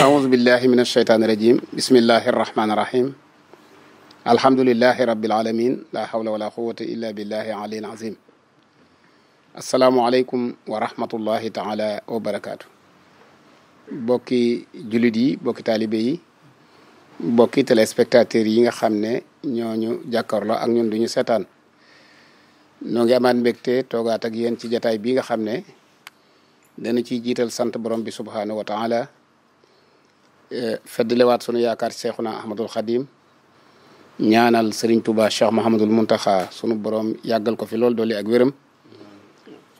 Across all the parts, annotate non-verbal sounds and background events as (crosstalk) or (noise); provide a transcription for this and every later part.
aousubillahi min alsheytaan irajim bismillahi arrahmani irrahim alhamdulilahi rabil alamin la hawla wala quwata illa billahi alil azim asalaamualeykum wa rahmatullahi taala wa barakaatu bokki julit yi bokki taalibe yi bokki téléspectateurs yi nga xam ne ñooñu jàkkaarloo ak ñun duñu seetaan noo ngi amaat mbégte toogaat ak yéen ci jataay bi nga xam ne dana ciy jiital sant borom bi subhaanahu wa taala feddaliwaat sunu yaakaar ci Seexuna Ahmadul Xadim ñaanal Serigne Touba Cheikh Mouhamadul Muntaxa sunu borom yàggal ko fi lool doole ak wéram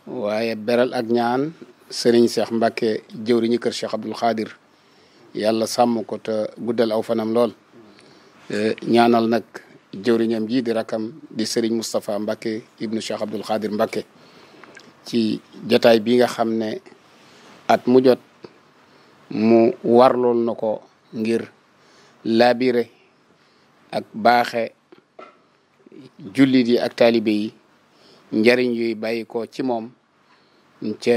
waaye beral ak ñaan Serigne Cheikh mbake jëwriñu kër Cheikh Abdoul Khadir yàlla sàmm ko te guddal aw fanam lool. E, ñaanal nag jëwriñam ji di rakam di Serigne Moustapha Mbacke ibnu Cheikh Abdoul Khadir Mbacke ci jataay bi nga xam ne at mu jot. mu warlool na ko ngir labire ak baaxe jullit yi ak taalibe yi njariñ yi bàyyi ko ci moom ca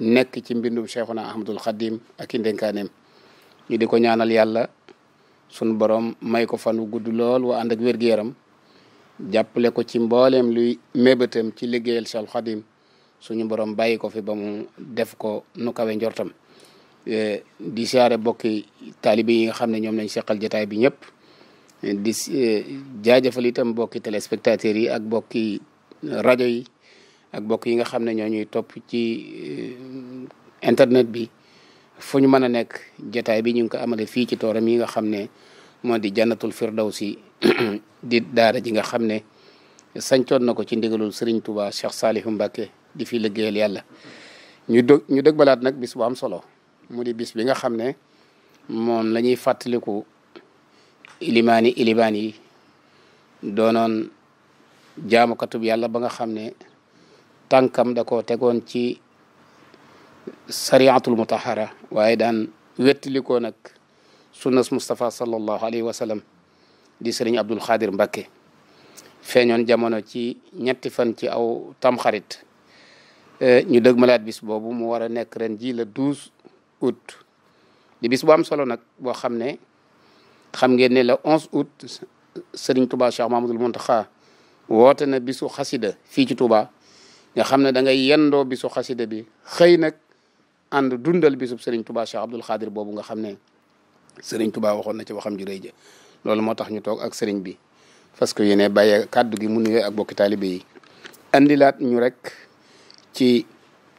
nekk ci mbindum cheikhuna ahmadul xadim ak i ñu di ko ñaanal yàlla sun borom may ko fan wu gudd lool wa ànd ak wér yaram jàppale ko ci mbooleem luy mébétam ci liggéeyal cheikhul xadim suñu borom bàyyi ko fi ba mu def ko nu kawe njortam Eh, di siyaare bokki taalibe yi nga xam ne ñoom lañ seqal jataay bi ñëpp eh, di eh, jaajëfal itam bokki téléspectateurs yi ak bokki rajo yi ak bokk yi nga xam ne ñoo ñuy topp ci internet bi fu ñu mën a nekk jataay bi ñu ngi ko amale fii ci tooram yi nga xam ne moo di jannatul firdawsi (coughs) di daara ji nga xam ne sancoon na ko ci ndigalul Serigne Touba Cheikh Salihu Mbacké di fi liggéeyal yàlla ñu dë ñu dëgbalaat nag bis bu am solo mu di bis bi nga xam ne moom lañuy ñuy fàttaliku ilimaani ilibaan yi doonoon jaamukatub yàlla ba nga xam ne tànkam da koo tegoon ci sariatul mutahara waaye daan wettalikoo nag sunnas Moustapha sallallahu alayhi wa sallam di sëriñ Abdul Xaadir Mbakke feeñoon jamono ci ñetti fan ci aw tamxarit eh, ñu malaat bis boobu mu war a nekk ren ji la août di bis bu am solo nag boo xam ne xam ngeen ne aut sëriñ août Serigne Touba Cheikh Mahamadoul xa woote na bisu xasida fii ci Touba nga xam ne da ngay yendoo bisu xasida bi xëy nag ànd dundal bisub Serigne Touba Cheikh Abdoul Khadir boobu nga xam ne Serigne Touba waxoon na ci waxam ju rëy ja loolu moo tax ñu toog ak sëriñ bi parce que yéene bàyyee kàddu gi mu nuyoo ak bokki taali yi andilaat ñu rek ci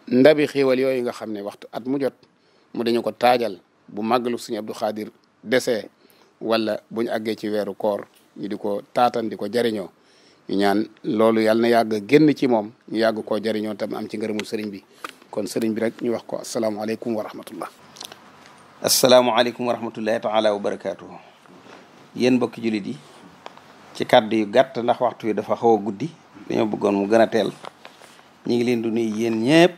ndabi xiiwal yooyu nga xam ne waxtu at mu jot mu dañu ko taajal bu màggalu suñu Abdou Khadir desee wala bu ñu àggee ci weeru koor ñu di ko taatan di ko jariñoo ñaan loolu yàlla na yàgg génn ci moom ñu yàgg koo jariñoo tam am ci ngërëmul sëriñ bi kon sëriñ bi rek ñu wax ko asalaamaaleykum wa rahmatullah asalaamaaleykum wa rahmatullahi taala wa barakaatuhu yéen mbokki jullit yi ci kàddu yu gàtt ndax waxtu wi dafa xaw a guddi dañoo bëggoon mu gën a teel ñu ngi leen di nuyu yéen ñëpp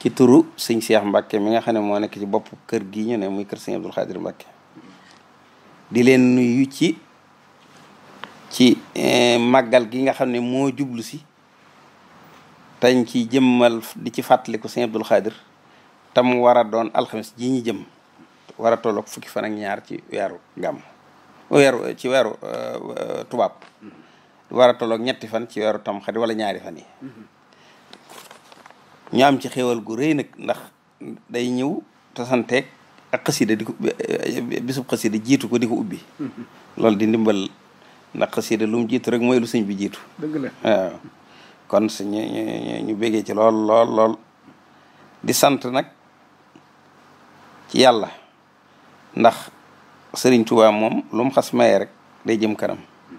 ci turu sëñ Cheikh Mbacke mi nga xam ne moo nekk ci bopp kër gi ñu ne muy kër sëñ Abdou Khadir Mbacke di leen nuyu ci ci eh, màggal gi nga xam ne moo jublu si tañ ci jëmmal di ci fàttaliku sëñ Abdou Khadir tam war a doon alxames ji ñu jëm war a tolloog fukki fan ak ñaar ci weeru gàmm weeru ci weeru eh, eh, tubaab wara a tolloog ñetti fan ci weeru tam xarit wala ñaari fan yi mm-hmm. ñu ci xéwal gu rëy nag ndax day ñëw tasanteeg ak xasida di jiitu ko di ko ubbi mm-hmm. loolu di ndimbal ndax xasida lu mu jiitu rek mooy lu sëñ bi jiitu dëgg la waaw kon suñu ñu béggee ci lool lool lool di sant nag ci yàlla ndax sëriñ Tuubaa moom lum mu xas mayee rek day jëm kanam mm-hmm.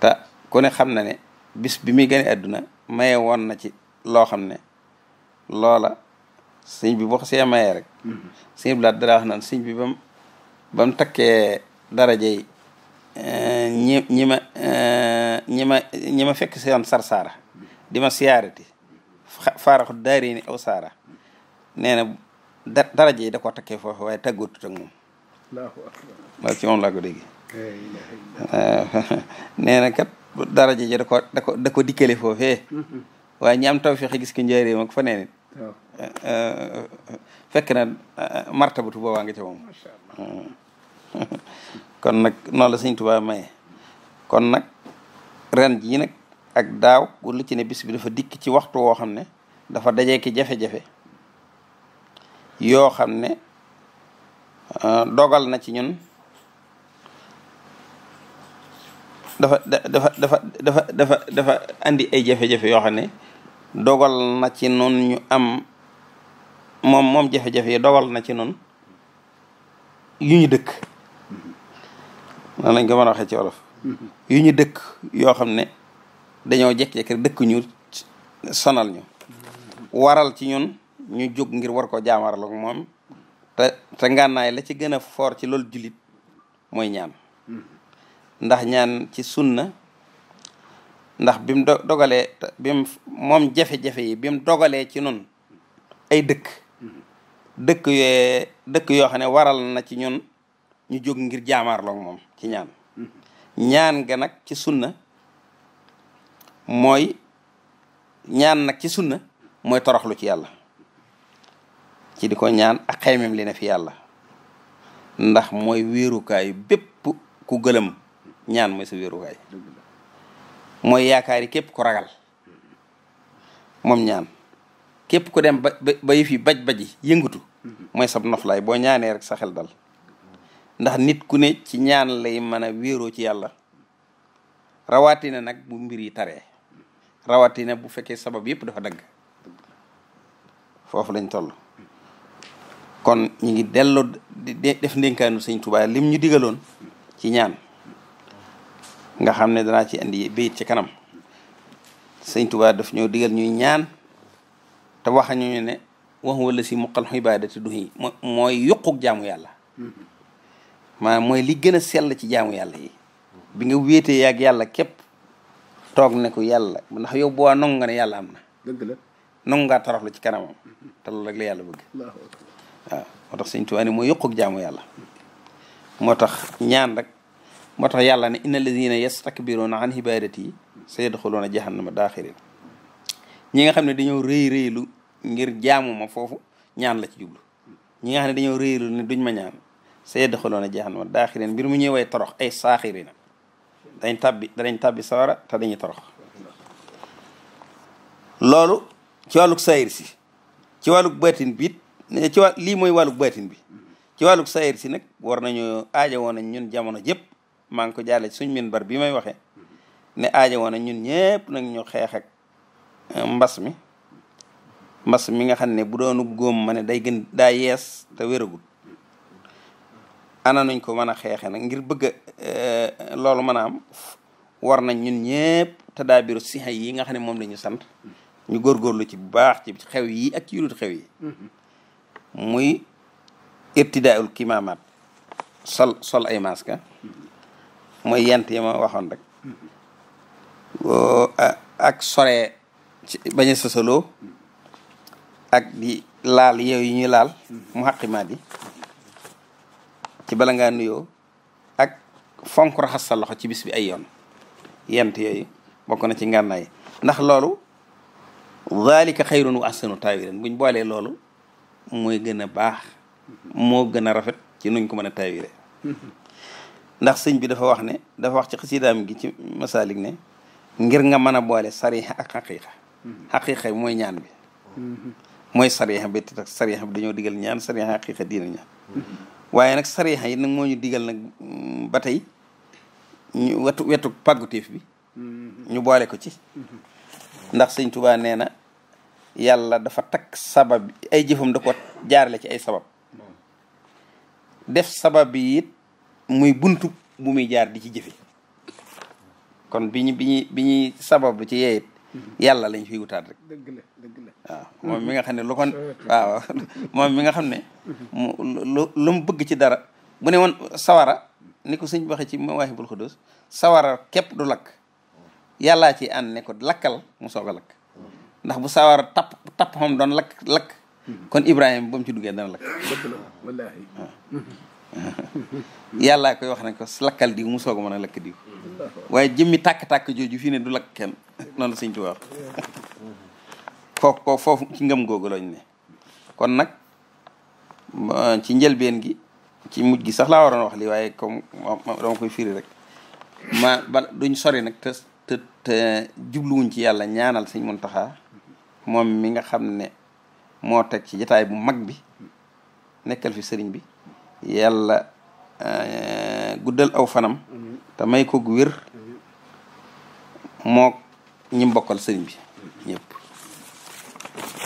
te ku xam na ne bis bi muy gane àdduna maye won na ci loo xam ne loola sëñ bi boo ko see rek hmm. sëñ bi laat dara wax naan bi bam ba takkee darajey eh, ñi ñi ma eh, ñi ma ñi ma fekk seen sarsaara di ma siyaarati faaraxu daari ni aw saara nee na da daraje yi da koo takkee foofu waaye tàggootut ak moom (laughs) kat daraje ji da ko waaye ñi am tawféex gis ko njaareem ak fa neen it eh, eh, fekk na eh, martabatu boobaa nga ca moom kon nag noonu la sëñ Tuubaa maye kon nag ren jii nag ak daaw lu ci ne bis bi dafa dikk ci waxtu woo xam ne dafa dajee ki jafe-jafe yoo xam ne dogal na ci ñun dafa dafa dafa dafa dafa dafa andi ay jafe yoo xam ne dogal na ci nun ñu am moom moom jafe-jafe yi dogal na ci nun yu ñu dëkk nan lañ ko mën a waxee ci wolof yu ñu dëkk yoo xam ne dañoo jekk-jekk dëkk ñu sonal ñu waral ci ñun ñu jóg ngir war ko jaamarloo moom te te ngànnaay la ci gën a foor ci loolu jullit mooy ñaan ndax ñaan ci sunna ndax bi mu do dogalee moom jafe-jafe yi bi mu ci nun ay dëkk dëkk yooye dëkk yoo xam ne waral na ci ñun ñu jóg ngir jaamaarloog moom ci ñaan ñaan ga nag ci sunna mooy ñaan nag ci sunna mooy toroxlu ci yàlla ci di ko ñaan ak xaymem li ne fi yàlla ndax mooy weerukaay bépp ku gëlëm ñaan mooy sa weerukaay mooy yaakaari képp ko ragal moom ñaan képp ku dem ba ba yëf yi baj-baji yëngatu mooy sab noflaay boo ñaanee rek sa xel dal ndax nit ku ne ci ñaan lay mën a wéeroo ci yàlla rawatina nag bu mbir yi taree rawatina bu fekkee sabab yëpp dafa dagg foofu lañ toll kon ñu ngi dellu def ndénkaanu sëñ Tuubaa lim ñu digaloon ci ñaan nga xam ne danaa ci indi bayit ci kanam sëñ Tuubaa daf ñoo digal ñuy ñaan te waxañu ñu ne wax wala si muqal ibaadati duhi mooy yuquk jaamu yàlla maanaam mooy li gën a sell ci jaamu yàlla yi bi nga wéetee ak yàlla képp toog ne ko yàlla ndax yow boo nangu nga ne yàlla am na dëgg la nangu ngaa toroxlu ci kanamam te loolu rek la yàlla bëgg moo tax sëñ Tuubaa mooy yuquk jaamu yàlla moo tax ñaan rek moo tax yàlla ne inna lazina yastakbiruna an ibadati sayadxuluuna jahannama daaxirin ñi nga xam ne dañoo rëy rëylu ngir jaamu ma foofu ñaan la ci jublu ñi nga xam ne dañoo rëylu ne duñ ma ñaan sayadxuluuna jahannama daaxirin mbir mu ñëwee torox ay saaxirina dañ tabbi danañ tabbi sawara te dañuy torox loolu ci wàllug sayir si ci wàllug baatin bi ci wàll lii mooy wàllug baatin bi ci wàllug sayir si nag war nañu aaja woon nañ ñun jamono jëpp maa ngi ko jaarale ci suñ minbar bi may waxee ne aaja woon ñun ñëpp nañ ñu xeex euh, mbas mi mbas mi nga xam ne bu doonu góom ma ne day gën daa yees te wéragul ana nuñ ko mën a xeexee nag ngir bëgg euh, loolu mën a am war nañ ñun ñëpp te daa biiru sixa yi nga xam ne moom la sant ñu góorgóorlu ci bu baax ci xew yi ak ci yulut xew yi muy irtidaayul kimaamaat sol sol ay masque mooy yent yi ma waxoon rek ak sore ci bañ a ak laal yow yi ñuy laal mu xaqimaat yi ci bala ngaa nuyoo ak fonk raxas sa loxo ci bis bi ay yoon yent yooyu bokk na ci ngànnaay ndax loolu zalika xayrun wa ahsanu taawilan buñ boolee loolu mooy gën a baax moo gën a rafet ci nuñ ko mën a taawire ndax sëñ bi dafa wax ne dafa wax ci xasidaam gi ci masaalik ne ngir nga mën a boole sariha ak xaqiqa mhm. xaqiqa mooy ñaan bi mhm. mooy sariha bi te sariha bi dañoo digal ñaan sariha xaqiqa diina ñaan mhm. waaye nag sariha yi nag moo ñu digal nag mm, ba tey wetu wetu pàggutéef bi ñu boole ko ci ndax sëñ nee na yàlla dafa takk sabab ay jëfam da ko jaarale ci ay sabab def sabab muy buntu bu muy jaar di ci jëfe kon bi ñu bi ñu bi ñuy sabablu ci yeeyit yàlla lañ fi wutaat rek. dëgg la moom mi nga xam ne lu ko waaw mi nga xam ne. lu lu mu bëgg ci dara bu ne woon sawara ni ko sëñ waxee ci Mawaahibul Xudus sawara képp du lakk yàllaa ci ànd ne ko lakkal mu soog a lakk ndax bu sawara tapp tapp moom doon lakk lakk hmm. kon Ibrahima ba mu ci duggee dana lakk. (laughs) yàlla koy wax ne ko lakkal diw mu soog a mën a lakk diw waaye jëmmi tàkk-tàkk jooju fii ne du lakk kenn noonu sëñ Tuubaa kooku ko foofu ci ngëm googu lañ ne kon nag ci njëlbeen gi ci mujj gi sax laa waroon wax li waaye comme dama koy firi rek ma ba duñ sori nag te jubluwuñ ci yàlla ñaanal sëñ taxa moom mi nga xam ne moo teg ci jataay bu mag bi nekkal fi sëriñ bi yàlla eh, guddal aw fanam te may ko gu mook ñi mbokkal sëriñ bi ñépp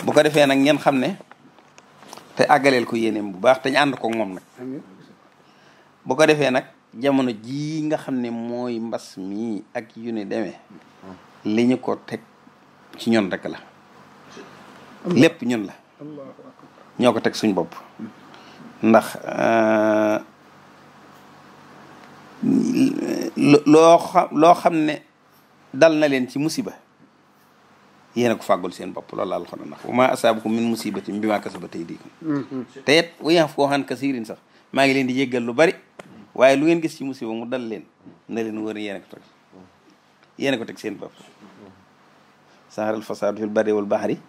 bu ko defee nag ngeen xam ne te àggaleel ko yeneen bu baax te ñu ànd ko moom nag bu ko defee nag jamono jii nga xam ne mooy mbas mi ak yu ne demee li ko teg ci ñoon rek la lépp ñun la ñoo ko teg suñ bopp ndax euh, loo xam loo xam ne dal na leen ci musiba yéen a ko fàggul seen bopp loolu laal xona ndax wa maa asaabakum min musibatin bimaa kasabat aydiikum mm-hmm. te it wa ya'fuu an kasiirin sax maa ngi leen di jéggal lu bari waaye lu ngeen gis ci musiba mu dal leen na leen wër yéen a ko teg yéen ko teg seen bopp saharal fasaadu fil barri wal bahri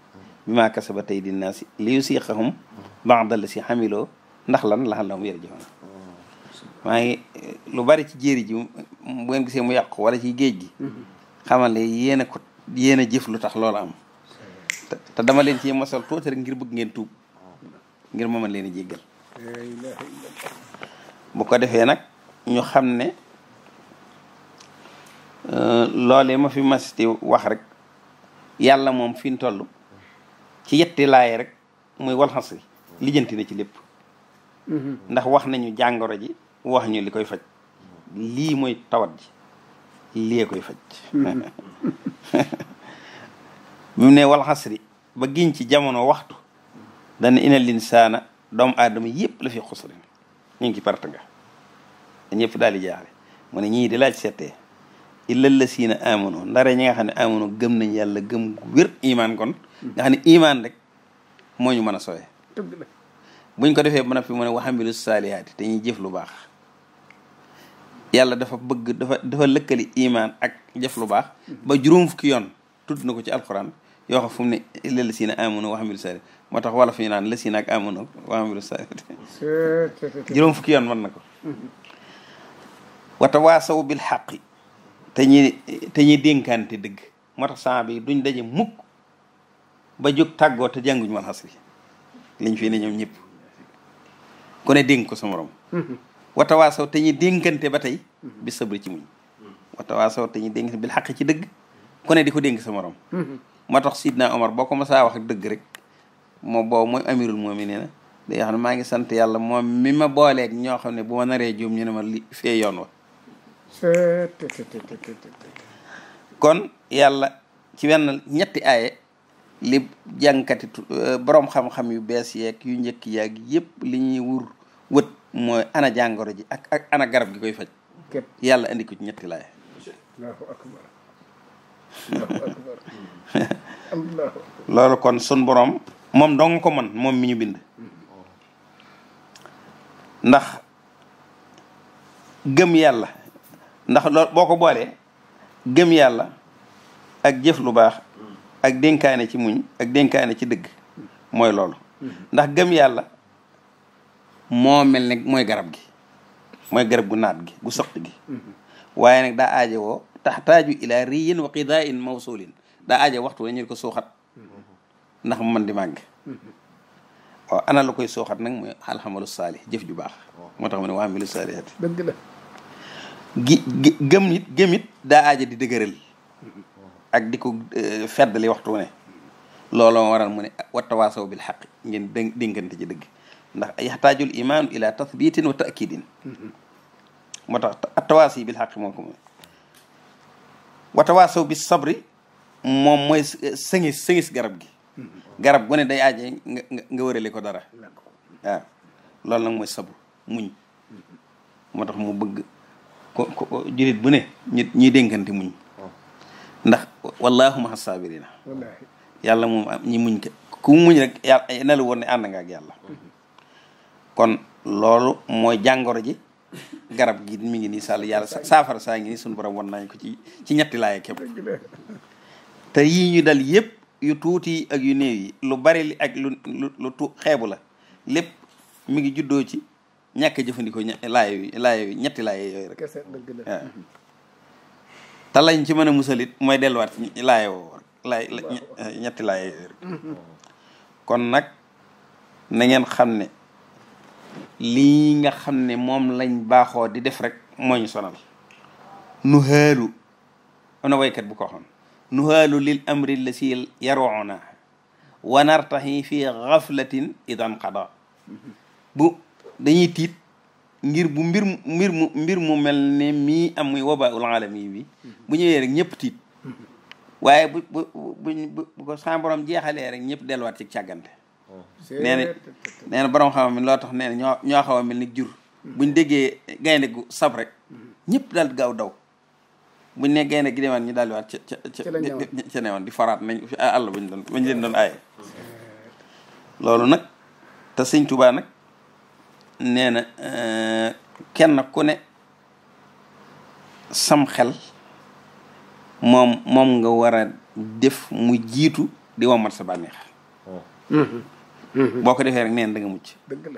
bimaa kasabat aydin naasi li yusiiqahum ba'da llazii amiloo ndax lan laxalahum yarji'uun maa ngi lu bari ci jéeri ji bu ngeen gisee mu yàqu wala ci géej gi xamal ne yéen a ko yéen a jëf lu tax lool am te dama leen ci mosal tuuti rek ngir bëgg ngeen tuub ngir ma mën leen a jéggal ko defee nag ñu xam ne euh, loole ma fi masiti wax rek yàlla moom fi mu toll ci yetti laaye rek muy walxas lijjanti na ci lépp Mm-hmm. ndax wax nañu jàngoro ji wax ñu li koy faj lii mooy tawat ji lii koy faj bi mm-hmm. (laughs) mu ne wal ba giñ ci jamono waxtu dana lin saana doom aadama yëpp la fi xusri ñu ngi daal di jaaxle mu ne ñii di laaj seetee illal la siina amono ndare ñi nga xam ne amono gëm nañ yàlla gëm wér imaan kon nga xam ne imaan rek moo ñu mën a sowe buñ ko defee ba noppi mu ne waxamilu saalihaati te ñuy jëf lu baax yàlla dafa bëgg dafa dafa lëkkali imaan ak jëf lu baax ba juróom fukki yoon tudd na ko ci alquran yoo xam fu mu ne lëla si na amuna moo tax wala fu ñu naan la si naak amuna waxamilu saalihaati juróom fukki yoon man na ko wata waasaw bil xaqi te ñuy te ñuy dëgg moo tax saa bi duñ daje mukk ba jóg tàggoo te jànguñu man xas bi fi fii ne ñoom ñëpp ku dénk ko sa morom mhm. watawaasaw te ñuy dénkante ba tey bi sabri ci muñ mhm. watawaasaw te ñuy dénkante bil xaq ci dëgg ku di ko dénk sa morom mhm. moo tax Sidna Omar boo ko masaa wax ak dëgg rek moom boobu mooy amirul mu'minin na day xam maa ngi sant yàlla moom mi ma booleeg ñoo xam ne boo naree juum ñu ma li fee yoon wa kon yàlla ci wenn ñetti aaye li jànkati euh, borom xam-xam yu bees yeeg yu njëkk yaag yépp li ñuy wët mooy ana jàngoro ji ak ak ana garab gi koy faj yàlla andi ci ñetti laay loolu kon sun boroom moom dong ko man moom mi ñu bind ndax gëm yàlla ndax loolu boo ko boolee gëm yàlla ak jëf lu baax ak dénkaane ci muñ ak dénkaane ci dëgg mooy loolu mm-hmm. ndax gëm yàlla moo mel ne mooy garab gi mooy garab gu naat gi gu soqi gi waaye nag daa aaje woo taxtaaju ila riyin wa qidaain mawsulin daa aaje waxtu la ñu ko suuxat ndax mu mën di màgg waaw ana koy suuxat nag mooy alxamalu saalih jëf ju baax moo tax mu ne waa amilu saalihaat gi gëm gëmit daa aaje di dëgëral ak di ko eh, feddali waxtu ne looloo waral mu ne wattawaasaw bil xaq ngeen dénkante ji dëgg ndax yaxtaajul imaanu ila tathbitin wa taakidin moo tax tawaasi bil xaqi moo ko mooy wa tawaasaw bi sabri moom mooy sëngis sëngis garab gi garab gone day aajee nga nga ko dara waaw loolu nag mooy sabru muñ moo tax mu bëgg ko ko julit bu ne ñu ñuy dénkante muñ ndax wallahu ma saabirina yàlla mu ñi muñ ko ku muñ rek yàlla na la woon ne ànd nga yàlla kon loolu mooy jàngoro ji garab gi mi ngi nii sàll yàlla saafara saa ngi nii suñu borom won nañ ko ci ci ñetti laay képp te yii ñu dal yëpp yu tuuti ak yu néew yi lu bari li ak lu tu xeebu la lépp mi ngi juddoo ci ñàkk jëfandikoo laay laay ñetti laay yooyu rek waaw te lañ ci mën a musalit mooy delluwaat ci laay woo yooyu rek kon nag na ngeen xam ne lii nga xam ne moom lañ baaxoo di def rek moo ñu sonal nu haalu ana waykat bu ko waxoon nu haalu lil amri la si yaroona wa nartaxi fi gaflatin idan qada bu dañuy tiit ngir bu mbir mu mel ne mii am muy waba ul alami bi bu ñëwee rek ñëpp tiit waaye bu bu bu bu ko saa borom jeexalee rek ñëpp delluwaat ci càggante Oh. nee na nee na borom xam-xam loo tax nee ñoo ñoo xaw a mel ni jur. Mm. buñ déggee gaynde gu sab rek. Mm. ñëpp daal gaaw daw. buñ ne gaynde gi demaan ñu daal di waat ca ca ca newoon di faraat nañ àll bañ doon bañ leen doon aaye. Oh, nag te sëñ nag nee na euh, kenn ku ne sam xel moom moom nga war a def mu jiitu di wamat sa bànneex. Mm-hmm. Mm-hmm. boo ko defee rek neen da nga mucc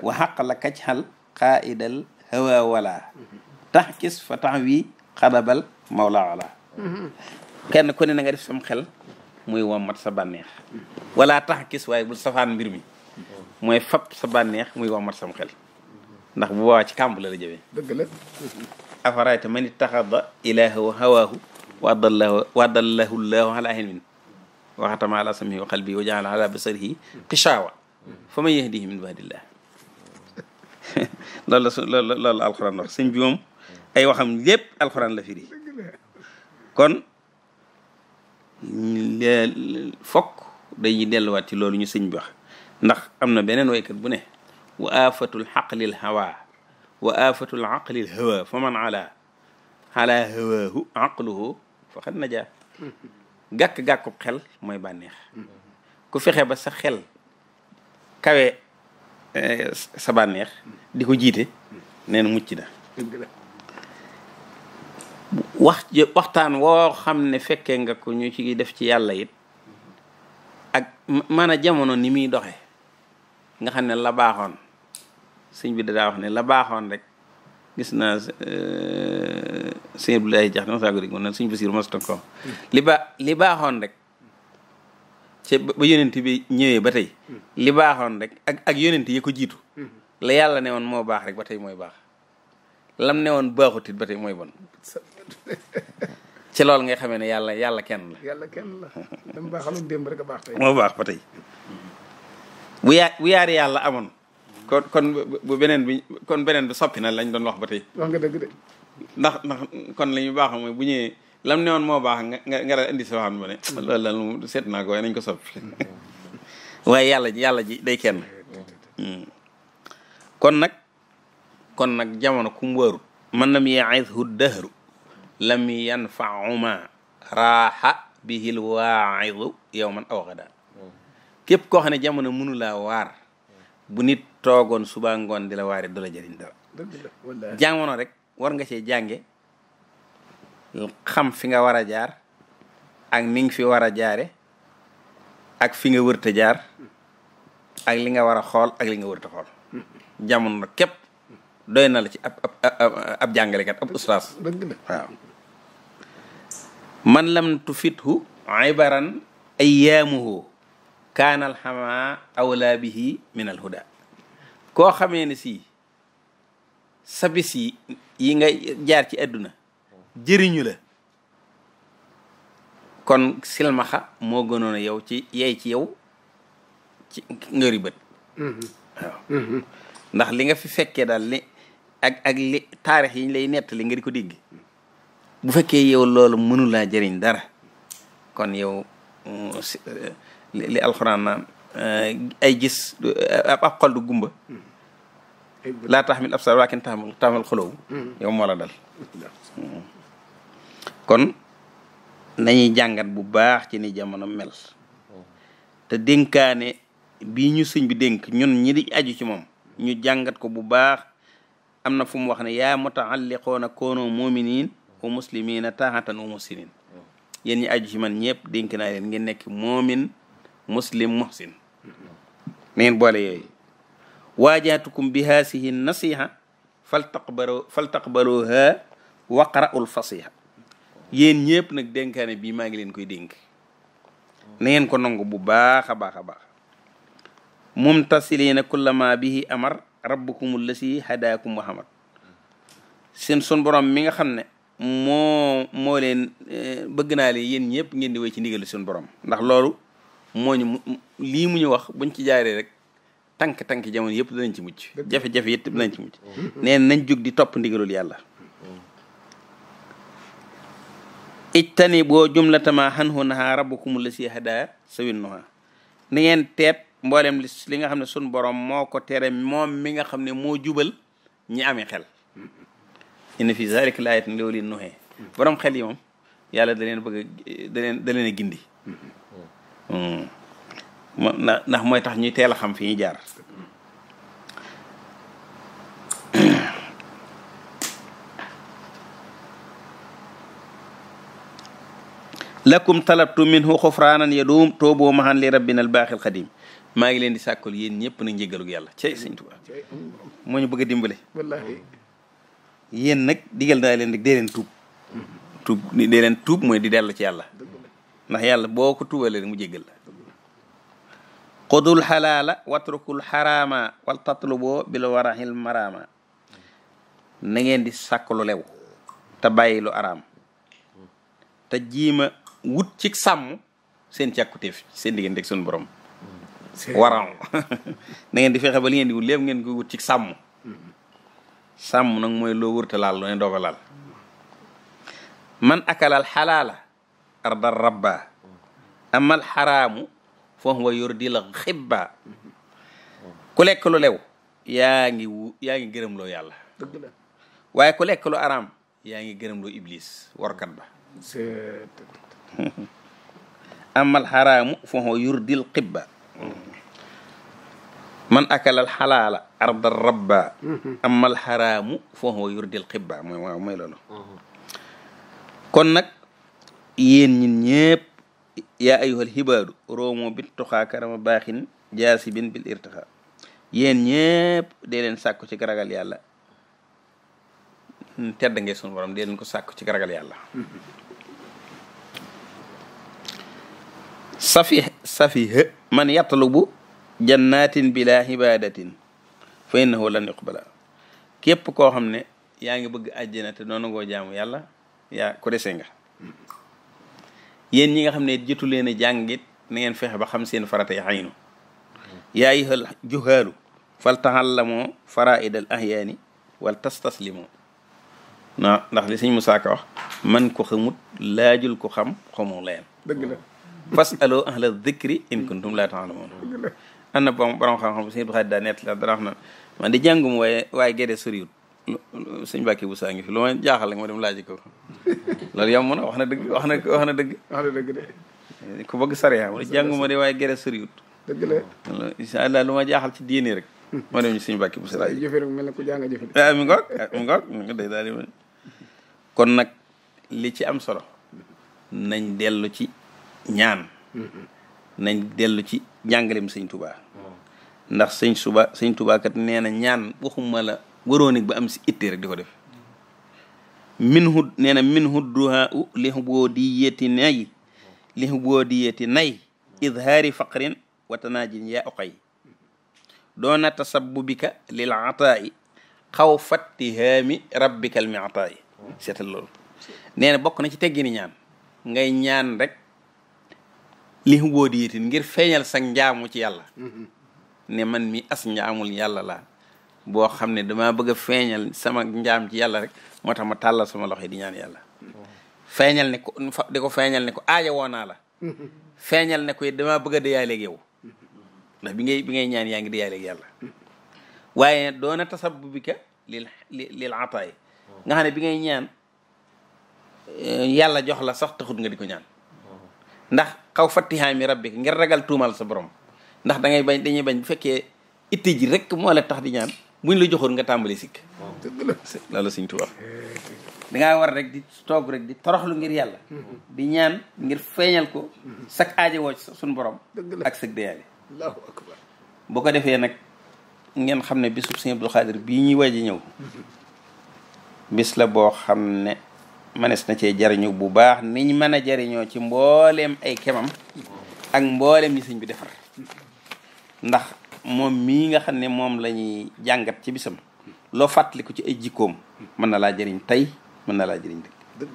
wa xaq a kacc xal xaaidal hawa wala mm-hmm. tax kis fa tax wi xadabal mawla wala mm-hmm. kenn ku ne na nga def sam xel muy wommat sa bànneex wala tax kis waaye bul safaan mbir mi mooy fab sa bànneex muy wommat sam xel ndax bu boobaa ci kàmb la a jëmee dëgg la afarayta man ittaxada ilaahu hawaahu wa adallahu wa adallahu allahu waxatama ala samihi wa qalbi wa jaala ala basarihi qishaawa fa man yahdihi min baadillah (laughs) loolu la su loolu sëñ bi moom ay waxam lépp alxuraan la firi kon fokk dañuy delluwaat ci loolu ñu sëñ bi wax ndax am na beneen waykat bu ne wa aafatul xaqlil hawa wa aafatul aqlil hawa fa man ala ala hawaahu aqluhu faxat hmm. gàkk-gàkkub xel mooy bànneex hmm. ku fexe ba sa xel kawe eh, sa bànneex di ko jiite neen na mucc na wax waxtaan woo xam ne fekke nga ko ñu ci def ci yàlla it ak man a jamono ni muy doxe nga xam ne la baaxoon sëñ bi daa wax ne la baaxoon rek gis eh, na sëñ Basiir mos ko li ba li baaxoon rek ci ba yonent bi ñëwee ba tey hmm. li baaxoon rek ak ak yonent yi ko jiitu hmm. la yàlla ne woon moo baax rek ba tey mooy baax lam ne woon baaxutit ba tey mooy bon (laughs) ci loolu ngay xamee ne yàlla yàlla kenn la yàlla kenn la dama baaxaloon démb rek a baax tey moo baax ba tey bu yaa bu yaari yàlla amoon kon kon beneen bi kon beneen bi soppi na lañ doon wax ba tey ndax ndax kon la ñu baaxoon mooy bu ñëwee lam ne woon moo baax nga nga nga indi si waxam ne loolu la lu seet naa ko waaye nañ yàlla ji yàlla ji day kenn hmm. kon nag kon nag jamono kum wóorut man lam yaidhu dahru lam yanfauma raaxa bihil waaidu yowman man gadan képp koo xam ne jamono mënu laa waar bu nit toogoon suba ngoon di la waare du la jëriñ dara jamono rek war nga see jànge xam fi nga war a jaar ak ni nga fi war a jaare ak fi nga wërta jaar ak li nga war a xool ak li nga wërta xool jamono képp doy na la ci ab ab ab jàngalekat ab ustaas waaw man lam tufithu ibaran ayyaamuhu kaana alxamaa awlaa bihi min alhuda koo xamee ne si sa bis yi yi nga jaar ci àdduna jëriñu la kon silmaxa moo gënoon a yow ci yey ci yow ci mhm. Mhm. ndax li nga fi fekkee daal li ak taarix yi ñu lay nettali nga di ko dégg bu fekkee yow loolu mënulaa jëriñ dara kon yow euh, li alxuraan naan euh, ay gis euh, ab xol du gumba mhm. laa taxmil absar waakin taxmil taxmil xoloowu dal kon nañuy jàngat bu baax ci ni jamono mel te dénkaane bii ñu sëñ bi dénk ñun ñi di aju ci moom ñu jàngat ko bu baax am na fu mu wax ne yaa mutaalliqoona koonoo muminin wa muslimina taxatan wa muhsinin yéen ñi aju ci man ñëpp dénk naa leen ngeen nekk moomin muslim muhsin neen boole yooyu waajaatukum bi haasihi nasiha faltaqbalu faltaqbaluha waqra'ul fasiha yéen ñëpp nag dénkaane bii maa ngi leen koy dénk na ko nangu bu baax a baax a baax mumtasiliina kullama bihi amar rabbukum si hadaakum muhammad seen sun borom mi nga xam ne moo moo leen eh, bëgg naa leen yéen ñëpp ngeen di wéy ci ndigal sun borom ndax loolu moo ñu lii mu ñu wax buñ ci jaaree rek tànk-tànk jamono yëpp danañ ci mucc jafe-jafe yëpp danañ ci mucc nee nañ jóg di topp ndigalul yàlla ijtani boo jumlatama xanhu naha rabbukum la si hada sawinnoha ni ngeen teet mboolem li nga xam ne sun borom moo ko tere moom mi nga xam ne moo jubal ñi amee xel inna fi zalika laayatin loolu borom xel yi moom yàlla da leen bëgg da leen da leen a gindi mm-hmm. mm. ndax mooy tax ñuy teel a xam fi ñuy jaar lakum talabtu minhu xufraanan yadum tooboo mahan li rabbina albaaxil xadim maa ngi leen di sàkkul yéen ñëpp na njëggalug yàlla cey sëñ Tuubaa moo ñu bëgg a dimbale wallaahi yéen nag digal naa leen rek dee leen tuub tuub dee mooy di dellu ci yàlla yàlla boo ko tuubalee rek mu jéggal la xudul xalaala watrukul xaraama wal tatluboo bil warahil na ngeen di sàkk lu lew te bàyyi lu araam jiima wut ci sàmm seen càkkutéef seen diggante ak suñu borom. waram (laughs) na ngeen di fexe ba li ngeen di wut lépp ngeen koy wut ci sàmm. sàmm nag mooy loo wërta laal loo ne doog a laal. man akalal xalaala ardar rabba amal xaraamu fa huwa yurdi la xibba ku lekk lu lew yaa ngi yaa ngi gërëm loo yàlla waaye ku lekk lu araam yaa ngi gërëm loo iblis warkat ba (laughs) amal xaraamu fahuwa yurdil qibba man akalal xalaala arda rabba amal xaraamu fo yurdil qibba mooy waaw mooy loolu kon nag yéen ñin ñëpp yaa ayyuhal hibaadu roomo bi tuxaa karama baaxin jaasibin bil irtixa yéen ñëpp dee leen sàkku ci ragal yàlla tedd ngeen sunu ko sàkku ci ragal safi safiha man yatlubu jannatin bila ibadatin fa na lan yuqbala képp koo xam ne yaa ngi bëgg àjjana te doon jaamu yàlla ya ko dese nga yéen ñi nga xam ne jotu leen a jàngit na ngeen fexe ba xam seen farata yi xaynu yaa ayyuhal juhaalu fal tahallamoo faraid al ahyaani wal tastaslimoo na ndax li sëñ Musaa Ka wax man ko xamut laajul ko xam xamoo leen fasalu ahla dikri in kuntum laa taalamuun am na borom xam-xam sëñ Abdou Khadre daa nett la dara wax man di jàngum waaye waaye gede soriwut suñ bàkki bu saa ngi fi lu ma jaaxal rek ma dem laaji ko loolu yomb na wax na dëgg wax na wax na dëgg wax na dëgg de ku bëgg sariya wala jànguma de waaye gede soriwut dëgg la incha allah lu ma jaaxal ci diine rek ma dem ñu suñu bàkki bu saa ngi jëfe rek mel na ku jàng jëfe ah mi ah, kon nag li ci am solo nañ dellu ci ñaan mm-hmm. nañ dellu ci njàngalem sëñ tubaa oh. ndax sëñ suba sëñ tubaa kat nee na ñaan waxuma la waroon ba am si ittee rek di ko def min hu nee na min di yeeti nay li boo di yeeti nay idhaari faqrin wa tanaajin yaa oqay tasabbubika lil ataayi xaw fattihaami rabbikal mi ataayi oh. seetal loolu nee na bokk na ci teggini ñaan ngay ñaan rek li wóodi yitin ngir feeñal sa njaamu ci yàlla mhm. ne man mi as njaamul yàlla la boo xam ne dama bëgg a feeñal sama njaam ci yàlla rek moo tax ma tàllal sama loxo di ñaan yàlla ne ko di ne ko aaja naa la mhm. feeñal ko it damaa bëgg a mhm. ngay bi ñaan yaa ngi dayaaleeg yàlla waaye doona tasabbu bi ka lil oh. nga xam ne bi ngay ñaan eh, yàlla jox la sax taxut nga di ko ñaan ndax kaw xaw fattihaami rabbik ngir ragal tuumal sa borom ndax da ngay bañ dañuy bañ bu fekkee itti ji rek moo la tax di ñaan buñ la joxoon nga tàmbali sikk loolu Sëñ Tuubaa dangaa war rek di toog rek di toroxlu ngir yàlla di ñaan ngir feeñal ko sak aajo woo suñ borom ak sëg deyaale boo ko defee nag ngeen xam ne bisub Sëñ Abdul Xaadir bii ñuy waji ñëw bis la boo xam ne mënees na cee jariñoo bu baax niñ mën a jariñoo ci mbooleem ay kemam ak mbooleem ñi sëñ bi defar ndax moom mii nga xam ne moom lañuy jàngat ci bisam loo fàttaliku ci ay jikkoom mën na laa jëriñ tey mën na laa jëriñ dëgg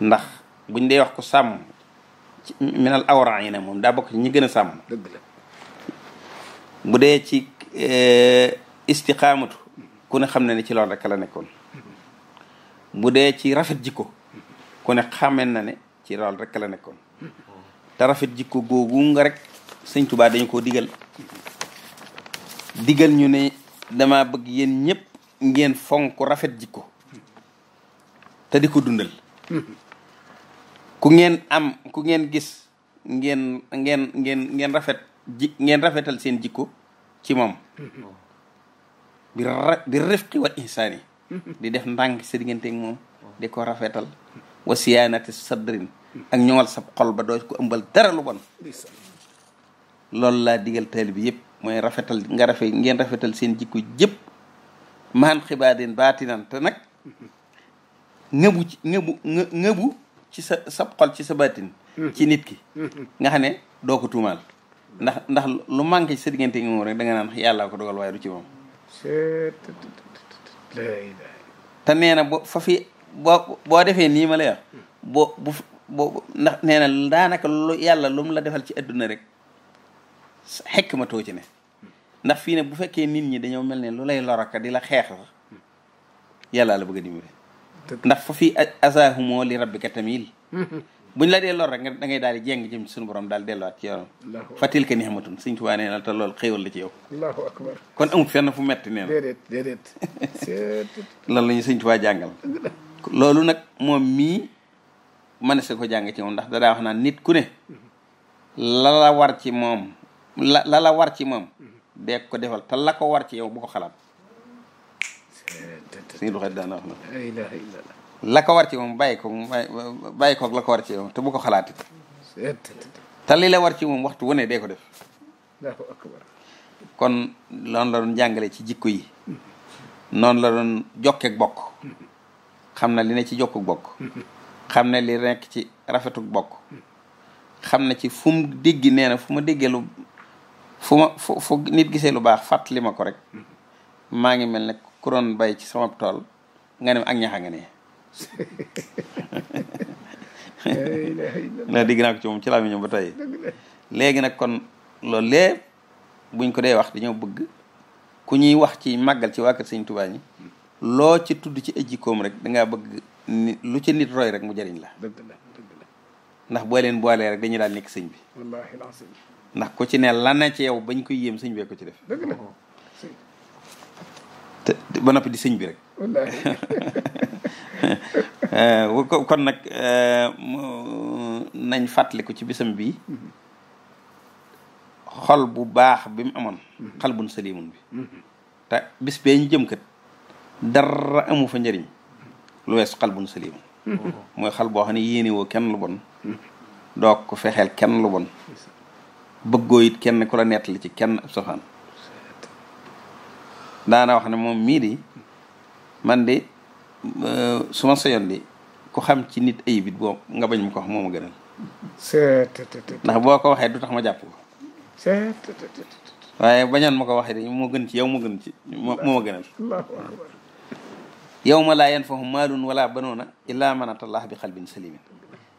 ndax buñ dee wax ko sàmm ci minal awran yi na moom daa bokk ñi gën a sàmm dëgg la bu dee ci eh, istiqaamatu ku ne xam ne ne ci loolu rek la nekkoon bu dee ci rafet jikko ku ne xamen na ne ci lool rek la nekkoon te rafet jikko googu nga rek sëñ Tuubaa dañu koo digal digal ñu ne dama bëgg yéen ñépp ngeen fonk rafet jikko te di ko dundal ku ngeen am ku ngeen gis ngeen ngeen ngeen ngeen rafet ji ngeen rafetal seen jikko ci moom mm-hmm. bi rifqi wal ihsaani di def ndànk sa digganteeg moom di ko rafetal wa siyaanati sadrin ak ñoŋal sa xol ba doo ko ëmbal dara lu bon loolu laa digal taalibe bi yëpp mooy rafetal nga rafet ngeen rafetal seen jikko jépp maan xibaadin baatinan te nag ngëbu ci ngëbu ngëbu ci sa sab xol ci sa baatin ci nit ki nga xam ne doo tuumaal ndax ndax lu manqué ci sa diggante gi moom rek da naan yàllaa ko dogal waaye du ci moom te nee na bo fa boo boo defee nii ma lay wax boo hmm. bu boo ndax nee na daanaka lu yàlla lu mu la defal ci adduna rek xekk ma too ci ne hmm. ndax fii ne bu fekkee nit ñi dañoo mel ne lu lay loraka di la xeex sax hmm. yàlla la bëgg ndax fa fi asaahumoo li rabbika tamil buñ la dee lor rek nga da ngay daal di jéng jëm ci suñu borom daal delluwaat ci yoonam fatil ka nixmatun suñ tubaa nee na te loolu xéewal la ci yow kon amul fenn fu metti nee na déedéet déedéet (laughs) loolu la ñu suñ loolu nag moom mii mën sa ko jàng ci moom ndax dadaa wax naan nit ku ne la la war ci moom la la war ci moom dee ko defal te la ko war ci yow bu ko xalaat suñu doxee daana la ko war ci moom bàyyi ko bàyyi koog la ko war ci moom te bu ko xalaati te war ci moom waxtu wane de ko def kon loolu la doon jàngale ci jikko yi noonu la doon jokkeeg bokk xam na li ne ci jokkuk bokk xam ne li nekk ci rafetuk bokk xam na ci fum mu déggi na fu ma déggee lu fu ma fu fu nit gisee lu baax fàttali ma ko rek maa ngi mel ne ku doon bay ci sama tool nga ne ak ñaxa nga ne la digg naa ko ci moom ci laa mi ñoom ba tey léegi nag kon loolu lépp buñ ko dee wax dañoo bëgg ku ñuy wax ci màggal ci waa kër Sëñ Tuubaa ñi loo ci tudd ci ay jikkoom rek da bëgg ni lu ci nit roy rek mu jariñ la ndax boo leen boolee rek dañuy daal nekk sëñ bi wallaahi ndax ku ci ne lan na ci yow bañ koy yéem sëñ bee ko ci def dëgg la te ba noppi di sëñ bi rek wallaahi (laughs) eh, kon nag eh, nañ fàttaliku ci bisam bi mhm. xol bu baax bi amoon xal mhm. bun salimun bi mhm. te bis bee ñu jëm kat dara amu fa njëriñ lu wees xal bun salimun mooy xal boo xam ne yéene kenn lu bon doo ko fexeel kenn lu bon bëggoo kenn ku la nettali ci kenn ab safaan daana wax ne moom mii man de euh, su ma soyoon de ko xam ci nit ayib it boo nga bañ ma ko wax a ma gënal. ndax boo ko waxee du tax ma jàpp ko. waaye bañoon ma ko waxee de moo gën ci yow moo gën ci moo ma gënal. yow ma laa yanfahu maalun wala banoona illaa man atallah bi xalbin salimin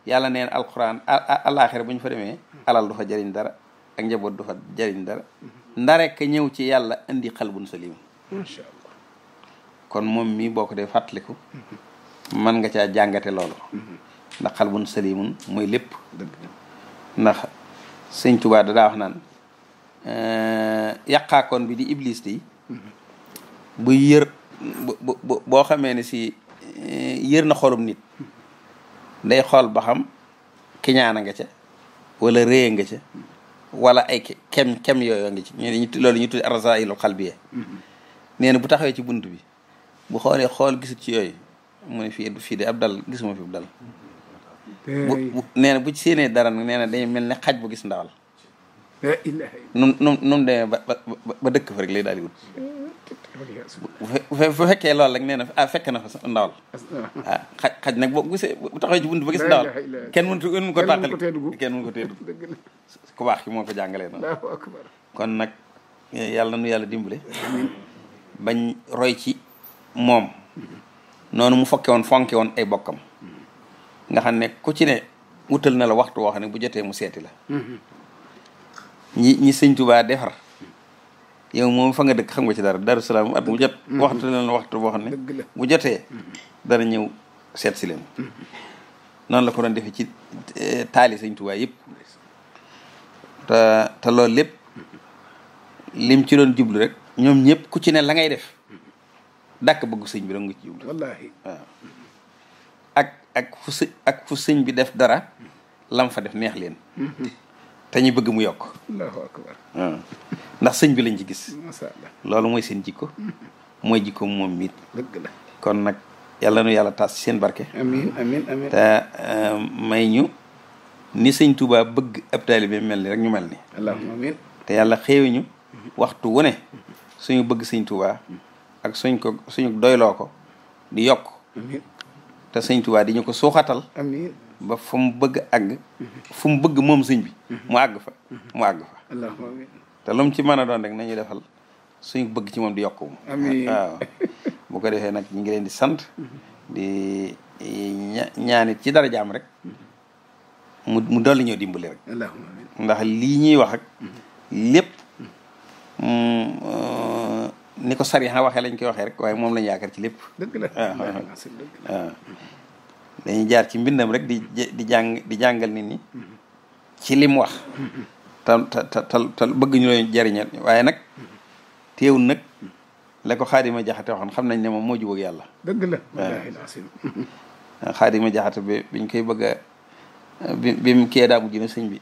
yàlla neen alquran alaxira bu ñu fa demee alal du fa jëriñ dara ak njaboot du fa ñëw ci yàlla indi xalbun salim kon moom mii boo ko dee fàttaliku. mën nga caa jàngate loolu. ndax xalbun salimun mooy lépp. ndax sëñ Tuubaa da daa wax naan yàqaakoon bi di iblis di. bu yër boo xamee ne si yër na xolum nit. day xool ba xam kiñaana nga ca walla réye nga ca wala ay kem kem yooyu nga ci ñu loolu ñu tudd arsailul xalbiya mm-hmm. nee na bu taxawee ci bunt bi bu xoolee xool gisu ci yooyu mu ne fii fii de ab dal gisuma fi bu dal bu nee bu ci séenee dara nee na day mel ne xaj bu gis ndawal num num nu mu demee ba ba dëkk fa rek lay daal di wut bu fekkee loolu rek nee na ah fekk na fa ndawal (laughs) ah xaj xaj nag boo gisee bu taxawee ci bunt ba gis ndawal kenn mëntu kenn mënu ko tàqali kenn mënu ko tee dugg ku baax ki moo ko jàngalee noonu kon nag eh, yàlla nu yàlla dimbale bañ roy moom noonu mu fokke woon fonke woon ay bokkam nga xam ne ku ci ne wutal na la waxtu woo xam ne bu jotee mu seeti la ñi ñi sëñ defar yow moom fa nga dëkk xam nga ci dara Daaru Salaam at mu jot waxtu na waxtu boo xam ne bu jotee dana ñëw seet si leen la ko defee ci eh, taali sëñ yëpp te te loolu lépp lim ci doon jublu rek ñoom ñëpp ku ci ne la ngay def dàkk bëgg sëñ bi dong nga ci jublu wallaahi waaw ak ak fu sëñ bi def dara lam fa def neex leen mhm. te ñu bëgg mu yokk ndax sëñ bi lañ ci gis loolu mooy seen jikko mhm. mooy jikko moom miit dëgg kon nag yàlla nu yàlla taas seen barke amiin euh, may ñu ni sëñ Touba bëgg ab taalibe mel ni rek ñu mel ni te yàlla xéewi ñu mhm. waxtu wu ne suñu bëgg sëñ Touba ak suñ ko suñu doyloo ko di yokk te sëñ Tuubaa di ñu ko suuxatal ba fu mu bëgg àgg fu bëgg moom suñ bi mu àgg fa mu àgg fa te lu ci mën a doon rek nañu defal suñu bëgg ci moom di yokk moom (laughs) waaw ko defee nag ñu ngi leen di sant di ñaanit ci dara jaam rek mu mu dolli ñoo dimbali rek ndax lii ñuy wax lépp mm, ni ko sariya waxee lañ koy waxee rek waaye moom lañ yaakaar ci lépp. dëgg la ah, ah, ah. dañuy jaar ci mbindam rek di di jàng di jàngal nit ñi. ci lim wax. tal ta tal bëgg ñu lay jariñal waaye nag teewul nag la ko xaadima jaxate waxoon xam nañ ne moom moo jubóog yàlla. dëgg la wallaahi jaxate bi biñ koy bëgg a bi bi mu kee sëñ bi.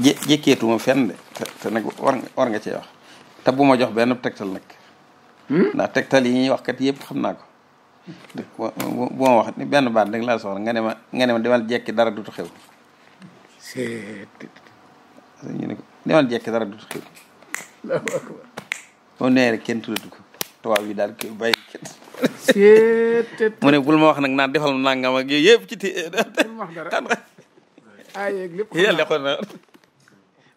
jékkeetuma fenn te te war nga war nga cee te bu ma jox benn tegtal nag. Hmm? ndax tegtal yi ñuy wax kat yëpp xam naa ko. bu ma wax ni benn baat rek laa soxla nga ne nga ne demal jekki dara dutu xew. ñu ne ko demal jekki dara dutu xew. moom nee (laughs) ma wax nag naan defal ma nangam ak yooyu yëpp ci té. bul ma (laughs)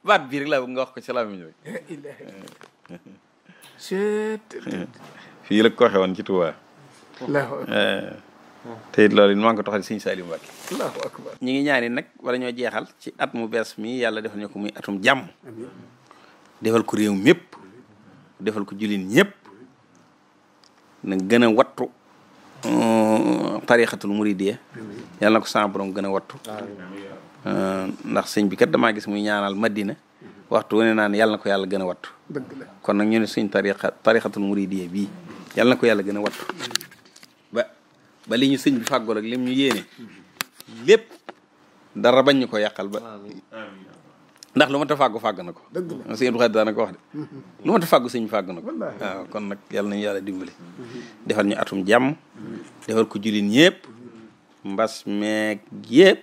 baat bii rek laa bëgg nga wax ko ci lamiñ rek (laughs) fii la ko waxee woon ci Tuubaa eh. te it loolu ko toxal Sëriñ Saliou Mbacké ñi ngi ñaani nag wala ñoo jeexal ci at mu bees mi yàlla defal ñu ko muy atum jàmm defal ko réew mépp defal ko julin ñëpp na gën a wattu eh, tariqatul muridiyya yàlla ko sa borom gën a wattu Euh, ndax sëñ bi kat damaa gis muy ñaanal madina waxtu wane naan ko yàlla gën a wattu kon nag ñu ne suñ tariqa tariqatul muridiyya ko yàlla gën a wattu ba ba ñu sëñ bi fàggol ak lim ñu yéene lépp dara bañ ñu ko yàqal ba ndax lu ma ta fàggu fàgg na ko sëñ Abdou Khadir daana ko wax de mm-hmm. bi fàgg na ko waaw kon nag yàlla nañu yàlla dimbali mm-hmm. defal ñu atum jàmm mm-hmm. defal ko julin ñëpp mbas meeg yëpp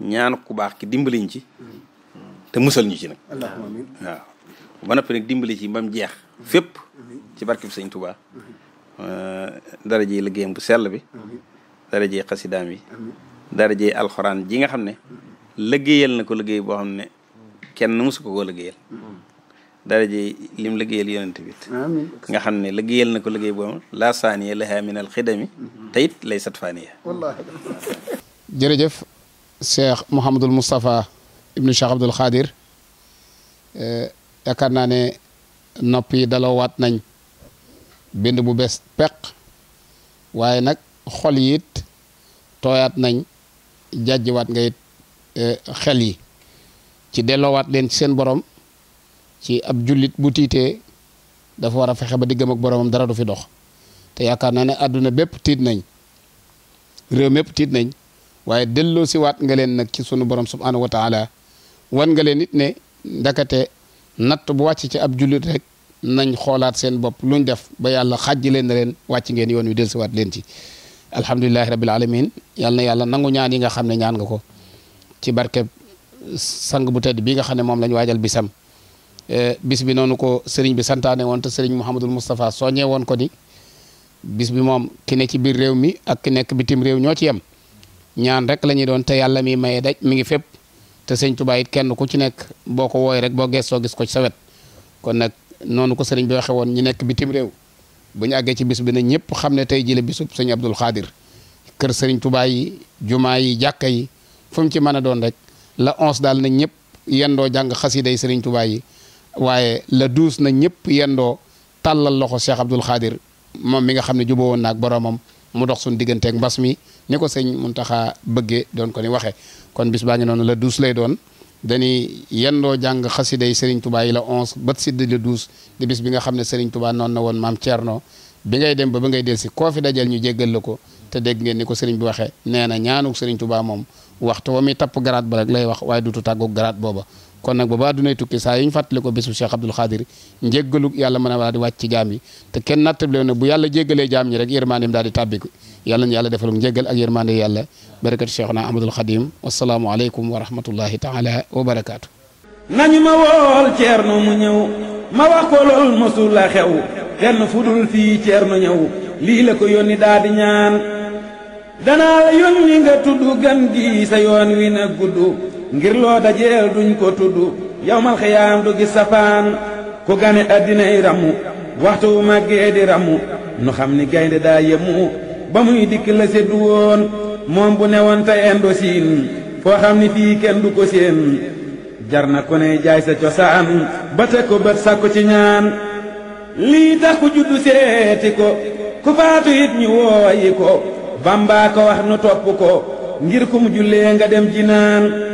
ñaan ku baax ki ñu ci te musal ñu ci nag waaw ba noppi nag dimbali ci ba jeex fépp ci barkeb sëñ Tuubaa dara ji liggéeyam bu sell bi dara ji xasidaam yi dara ji alxuraan ji nga xam ne liggéeyal na ko liggéey boo xam ne kenn musu ko koo liggéeyal dara ji lim xam ne liggéeyal na ko liggéey boo laa saaniya laha min alxidami te it lay sat faaniya cheikh Mouhamadul Moustapha ibnu cheikh Abdoul Khadir eh, yaakaar naa ne nopp yi dalawaat nañ bind bu bees peq waaye nag xol yit tooyaat nañ jàjjiwaat nga it eh, xel yi ci delloowaat leen ci seen borom ci ab jullit bu tiitee dafa war a fexe ba diggam ak boromam dara du fi dox te yaakaar naa ne àdduna bépp tiit nañ réew mépp tiit nañ waaye delloo si waat nga leen nag ci sunu borom subhanahu wa taala wan nga leen it ne ndakate natt bu wàcc ci ab jullit rek nañ xoolaat seen bopp luñ def ba yàlla xàjj leen na leen wàcc ngeen yoon wi del si waat leen ci alhamdulilahi rabil alamin yàlla na yàlla nangu ñaan yi nga xam ne ñaan nga ko ci barkeb sang bu tedd bi nga xam ne moom la waajal bisam eh, bis bi noonu ko sëriñ bi santaane woon te sëriñ Mouhamadul Moustapha soññee woon ko di bis bi moom ki ne ci biir réew mi ak ki nekk bitim réew ñoo ci yem ñaan rek la ñuy doon te yàlla mii maye daj mi ngi fépp te sëñ tubaay yi kenn ku ci nekk boo ko wooy rek boo gestoo gis ko ci sa kon nag noonu ko sëriñ bi waxee woon ñu nekk bitim réew bu ñu àggee ci bis bi nag ñëpp xam ne tey jile la bisub sëñ Abdul Xaadir kër sëriñ Tuubaa yi jumaa yi jàkka yi fu ci mën a doon rek la onze daal na ñëpp yendoo jàng xasida yi sëriñ Tuubaa yi waaye la douze na ñëpp yendoo tàllal loxo Cheikh Abdul Xaadir moom mi nga xam ne juboo woon naag boromam mu dox suñu digganteek mbas mi ni ko sëñ Muntaxa bëggee doon ko ni waxee kon bis baa ngi noonu la douze lay doon dañuy yendoo jàng xasida yi Serigne Touba yi la onze bët sidd le douze di bis bi nga xam ne Serigne Touba noon na woon maam Thierno bi ngay dem ba ba ngay del si koo fi dajal ñu jéggal la ko te dégg ngeen ni ko Serigne bi waxee nee na ñaanuk Serigne Touba moom waxtu woo muy tapp garaat ba lay wax waaye dutu tàggu garaat booba kon nag booba dunay tukki saa yu ñu fàttali ko bésu Cheikh Abdoul Khadir njéggalu yàlla mën a wala di wàcc ci jaam yi te kenn nattable ne bu yàlla jéggalee jaam ñi rek yërmandeem daal di tàbbiku yàlla ñu yàlla defalum njéggal ak yërmande yàlla barakatu Cheikhuna Ahmadul Khadim wasalaamu aleykum wa rahmatullahi taala wa barakaatu nañu ma wool ceerno mu ñëw ma wax ko lool xew fenn fu dul fii ceerno ñëw lii la ko yónni daal ñaan danaa la yónni nga tudd gan gi ngir loo dajeel duñ ko tudd yawmal xiyaam du gis safaan ku gane addinay ramu waxtu wu màggee di ramu nu xam ni gaynde daa yemu ba muy dikk la seddu woon moom bu newoon te endo foo xam ni fii kenn du ko seen jar na ku ne jaay sa cosaan ba teg ko bët sàkku ci ñaan lii tax ku juddu seeti ko ku faatu it ñu wooyi ko bambaa wax nu topp ko ngir ku mu jullee nga dem jinaan